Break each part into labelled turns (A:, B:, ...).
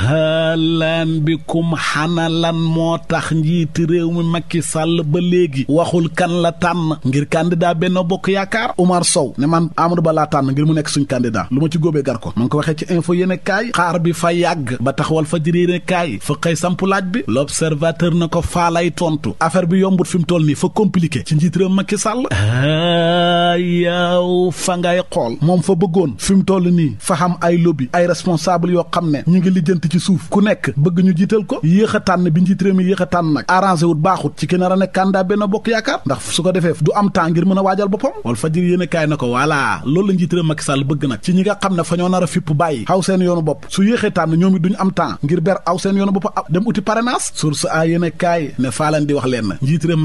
A: haa xalaan bikum xana lan moo tax njiiti réew mi Macky Sall ba léegi waxul kan la tànn ngir candidat Benno Bokk Yaakaar Oumar Sow ne man Amadou Ba laa tànn ngir mu nekk suñ candidat lu ma ci góobee gar ko ma ngi ko waxee ci info yéen kaay xaar bi fa yàgg ba taxawal fa jëri yéen kaay fa xëy samp laaj bi l'observateur na ko faalay tontu affaire bi yombut fi mu toll nii fa compliqué ci njiiti réew Macky Sall yaw fa ngay xool moom fa bëggoon fi mu toll nii fa xam ay nekk bëgg ñu jiital ko yéex a tànn bi njiit réew mi a tànn nag arrangé baaxut ci ki nar a nekk candidat benn bokk yaakaar ndax su ko defee du am temps ngir mën a waajal boppam wal fajir yéen a kaay na ko voilà loolu la njiit bëgg nag ci ñi nga xam ne fa ñoo nar a bàyyi xaw seen yoonu bopp su yéexee tànn duñu am temps ngir ber aw seen yoonu bopp dem uti parrainage source a yéen a kaay ne faa di wax leen na njiit réew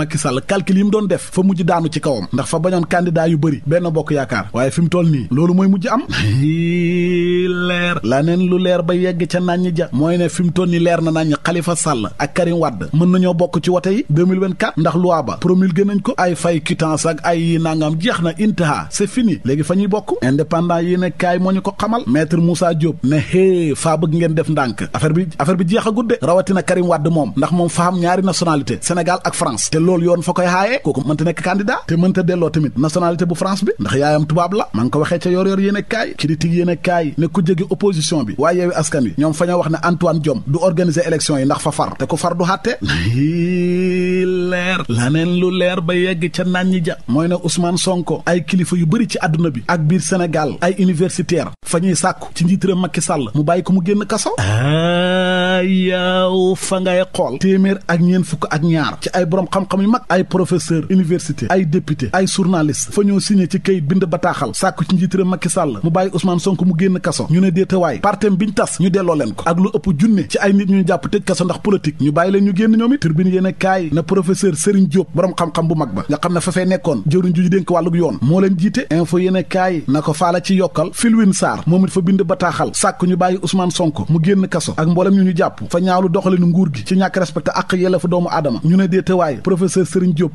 A: ne fi mu toll leer na nañ Khalifa Sall ak Karim Wade mën nañoo bokk ci wote yi 2024 ndax loi ba promulgué nañ ko ay fay quittance ak ay yi nangam jeex na intaha c'est fini léegi fa ñuy bokk indépendant yi ne kaay moo ñu ko xamal maître Moussa Diop ne hé faa bëgg ngeen def ndànk affaire bi affaire bi jeexagut de rawatina Karim Wade moom ndax moom fa am ñaari nationalité Sénégal ak France te loolu yoon fa koy xaayee kooku mënta nekk candidat te mënta delloo tamit nationalité am jom du organiser élection yi ndax fa far te ko far du xàtte leer laneen lu leer ba yegg ca naan ñi ja mooy ne Ousmane Sonko ay kilifa yu bëri ci àdduna bi ak biir senegal ay universitaire fa ñuy sàkku ci njiitëram Macky Sall mu bàyyi ko mu génn kaso ah, yaaw fa ngay xool téeméer ak ñeen fukk ak ñaar ci ay borom xam-xam yu mag ay professeur université ay député ay journaliste fa ñëw signé ci kayit bind bataaxal sàkku ci njiitëram Macky Sall mu bàyyi Ousmane Sonko mu génn kaso junne ci ay nit ñu jàpp tëj kaso ndax politique ñu bàyyi leen ñu génn ñoom it turbine yéen na professeur Serigne Diop borom xam-xam bu mag ba nga xam ne fafee nekkoon jëwriñ ju dénk wàlluk yoon moo leen jiite info yéen a na ko faala ci yokkal Filwin Sarr moom it fa bind bataaxal sàkk ñu bàyyi Ousmane Sonko mu génn kaso ak mboolem ñu ñu jàpp fa ñaawlu doxalinu nguur gi ci ñàkk respecté ak yelleefu doomu aadama ñu ne déetewaay professeur Serigne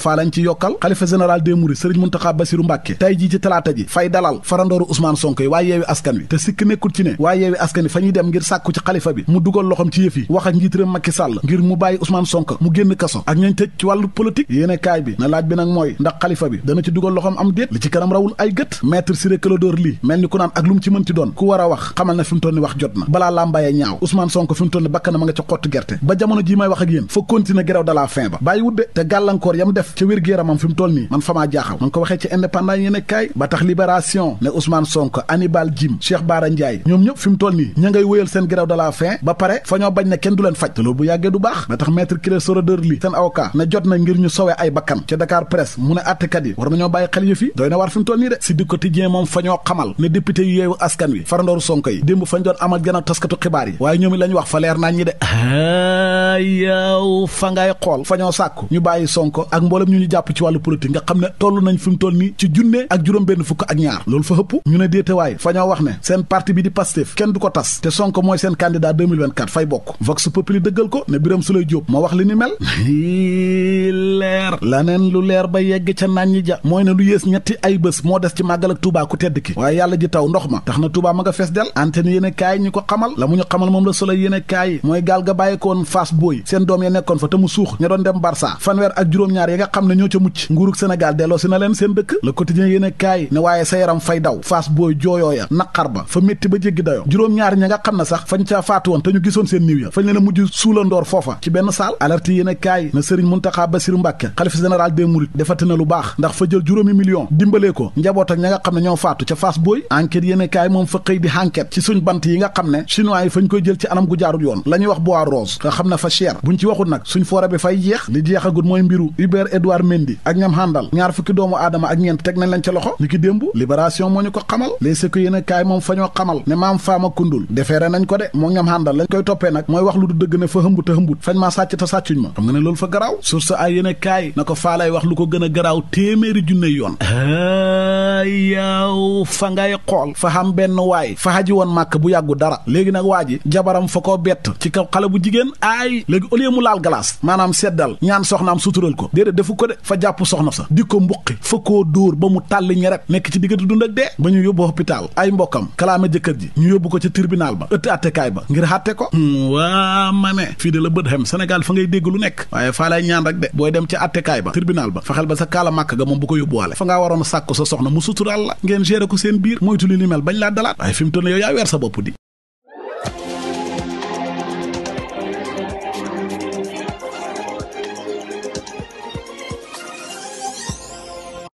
A: Moustapha lañ ci yokkal xalifa général des Mourides Serigne Mountakha Bassirou Mbacké tey jii ci talaata ji fay dalal farandooru Ousmane Sonko yi waa yeewi askan wi te sikk nekkul ci ne waa yeewi askan wi fa ñu dem ngir sàkku ci xalifa bi mu dugal loxom ci yëf yi wax ak njiitëram Macky Sall ngir mu bàyyi Ousmane Sonko mu génn kaso ak ñañ tëj ci wàllu politique yéene bi na laaj bi nag mooy ndax xalifa bi dana ci dugal loxom am déet li ci kanam rawul ay gët maître Ciré Clédor Ly ni ku naan ak lu mu ci mën ci doon ku war a wax xamal na mu toll ni wax jot na balaa làmbayee ñaaw Ousmane Sonko fi mu toll ni bakkanam a nga ca xottu gerte ba ji may wax ak yéen fa continuer grève de la faim ba bàyyiwut de te gàllankoor yam def ca wér gu yaramam fi mu toll nii man fa maa jaaxal man ko waxee ci indépendant yéen a kaay ba tax libération ne Ousmane Sonko Hannibal Djim Cheikh Bara Ndiaye ñoom ñëpp fi mu toll nii ña ngay wéyal seen grève de la faim ba pare fa ñoo bañ ne kenn du leen faj te loolu bu yàggee du baax ba tax maître Ciré Clédor Ly seen avocat ne jot na ngir ñu sowe ay bakkan ca Dakar Presse mu ne àttekat yi war nañoo bàyyi xel yëf yi doy na war fi mu nii de si di quotidien a taskatu xibaar ah, xool fa ñoo ñu bàyyi Sonko ak la ñu jàpp ci wàllu politique nga xam ne toll nañ fi mu toll nii ci junne ak juróom benn kenn du ko tas te Sonko mooy seen candidat 2024 fay bokk Vox Populi dëggal lu leer ba yegg ca naan ñi ja mooy ne lu yées ñetti ay bés moo des ci màggal ak Touba ku tedd ki waaye yàlla ji taw ndox ma tax na Touba ma nga fees del antenne yéene kaay ñi ko xamal la mu ñu xamal moom la Soleil yéene kaay mooy gaal ga bàyyikoon Fass Boy seen doom ya nekkoon fa te suux ña doon dem Barça fanweer ak juróom-ñaar ya nga xam ne ca mucc nguurug Sénégal delloo si na leen seen dëkk le quotidien yéen kaay ne waaye sa yaram fay daw faas booy jooyoo ba fa métti ba jéggi dayo ñaar ña nga xam ne sax fañ caa faatu woon te ñu gisoon seen niiw a mujj suulandoor foofa ci benn saal alerte yéen a kaay na sëriñ Muntaxa Basiru Mbàkke xalif général des mourides defati na lu baax ndax fa jël juróomi million dimbalee ko njaboota ak ña nga xam ne ñoo faatu ca faas booy enquête yéen a kaay moom fa xëy di enquête ci suñ bant yi nga xam ne chinois yi fañ koy jël ci anam gu jaarul yoon la ñuy wax bois rose nga xam ne fa cher buñ ci waxul nag suñ foore bi fay jeex li jeexagul mooy mbiru Uber Edouard Mendy ak ñam xàndal ñaar fukki doomu aadama ak ñeent teg nañ leen ca loxo ni ki démb libération moo ñu ko xamal les ko yéen a kaay moom fa ñoo xamal ne maam faama kundul defeere nañ ko de moom ñam xàndal lañ koy toppee nag mooy wax lu du dëgg ne fa hëmbut a hëmbut fañ maa sàcc te sàccuñ ma xam nga ne loolu fa garaaw sur ay yéen a kaay na ko faalay wax lu ko gën a garaaw téeméeri junne yoon ah, yaaw fa ngay xool fa xam benn waay fa xaji woon màkk bu yàggu dara léegi nag waa ji jabaram fa bett ci kaw xale bu jigéen aay léegi au lieu mu laal glace maanaam seddal ñaan soxnaam sutural ko defu ko de fa jàpp soxna sa di ko mbuqi fa koo dóor ba mu tàll ñeret nekk ci diggante dund ak dee ba ñu yóbbu hôpital ay mbokkam kalaame jëkkër ji ñu yóbbu ko ca tribunal ba ëtt attekaay ba ngir àtte ko hmm, waa ma ne fii de la bët xem Sénégal fa ngay dégg lu nekk waaye faa lay ñaan rek de booy dem ci attekaay ba tribunal ba fexeel ba sa kaala màkk ga moom bu ko yóbbuwaale fa ngaa waroon a sàkk sa soxna mu sutural la ngeen géré ko seen biir moytu mu toll yow yaa weer bopp di